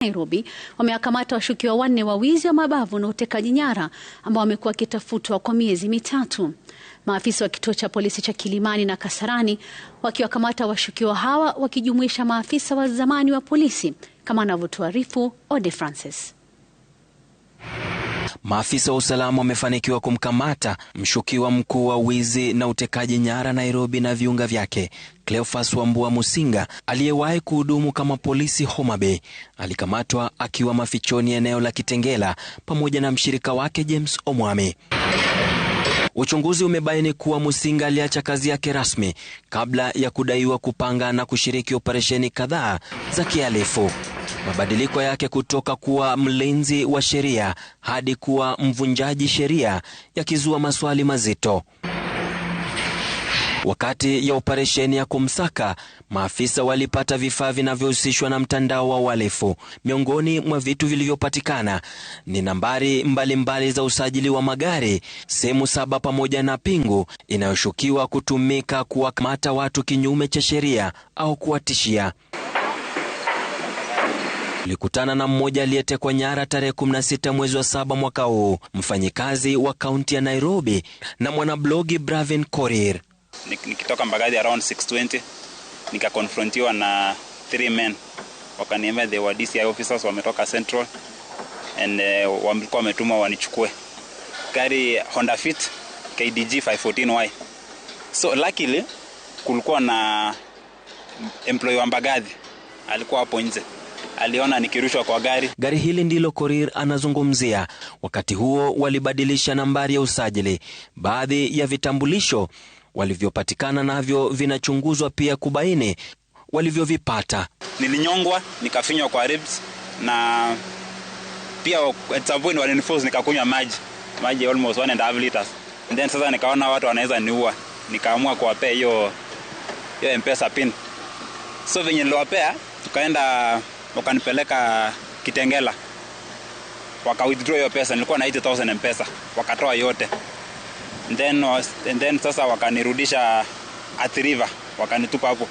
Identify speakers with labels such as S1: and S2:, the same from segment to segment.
S1: Nairobi wamewakamata washukiwa wanne wa wizi wa mabavu na utekaji nyara ambao wamekuwa wakitafutwa kwa miezi mitatu. Maafisa wa kituo cha polisi cha Kilimani na Kasarani wakiwakamata washukiwa hawa wakijumuisha maafisa wa zamani wa polisi kama anavyotuarifu Ode Francis.
S2: Maafisa wa usalama wamefanikiwa kumkamata mshukiwa mkuu wa wizi na utekaji nyara Nairobi na viunga vyake. Cleophas Wambua Musinga aliyewahi kuhudumu kama polisi Homa Bay alikamatwa akiwa mafichoni eneo la Kitengela pamoja na mshirika wake James Omwami. Uchunguzi umebaini kuwa Musinga aliacha kazi yake rasmi kabla ya kudaiwa kupanga na kushiriki operesheni kadhaa za kihalifu. Mabadiliko yake kutoka kuwa mlinzi wa sheria hadi kuwa mvunjaji sheria yakizua maswali mazito. Wakati ya operesheni ya kumsaka, maafisa walipata vifaa vinavyohusishwa na mtandao wa uhalifu. Miongoni mwa vitu vilivyopatikana ni nambari mbalimbali mbali za usajili wa magari, simu saba pamoja na pingu inayoshukiwa kutumika kuwakamata watu kinyume cha sheria au kuwatishia tulikutana na mmoja aliyetekwa nyara tarehe 16 mwezi wa saba mwaka huu, mfanyikazi wa kaunti ya Nairobi na mwanablogi Bravin Korir.
S3: Nikitoka Mbagathi around 620 nikakonfrontiwa na three men, wakaniambia they were DCI officers, wametoka Central and uh, walikuwa wametuma wanichukue gari Honda Fit KDG 514Y. So luckily kulikuwa na employee wa Mbagathi alikuwa hapo nje aliona nikirushwa kwa gari.
S2: Gari hili ndilo Korir anazungumzia. Wakati huo walibadilisha nambari ya usajili. Baadhi ya vitambulisho walivyopatikana navyo vinachunguzwa pia kubaini walivyovipata.
S3: Nilinyongwa, nikafinywa kwa ribs na pia at some point nikakunywa maji maji almost one and a half liters. And then sasa nikaona watu wanaweza niua, nikaamua kuwapea hiyo hiyo m pin. So venye niliwapea tukaenda wakanipeleka Kitengela, waka withdraw hiyo pesa. Nilikuwa na 80,000 mpesa, wakatoa yote then, and then sasa wakanirudisha Athi River wakanitupa hapo.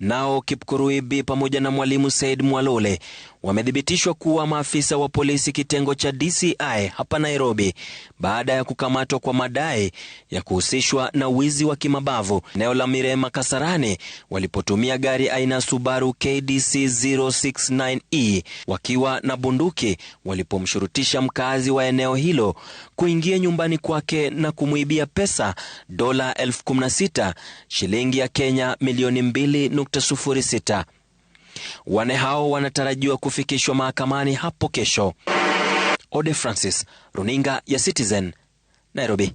S2: Nao Kipkurui B pamoja na mwalimu Said Mwalole wamethibitishwa kuwa maafisa wa polisi kitengo cha DCI hapa Nairobi baada ya kukamatwa kwa madai ya kuhusishwa na wizi wa kimabavu eneo la Mirema Kasarani walipotumia gari aina ya Subaru KDC 069E e wakiwa na bunduki walipomshurutisha mkazi wa eneo hilo kuingia nyumbani kwake na kumwibia pesa dola 16 shilingi ya Kenya milioni 2.06. Wane hao wanatarajiwa kufikishwa mahakamani hapo kesho. Ode Francis, runinga ya Citizen, Nairobi.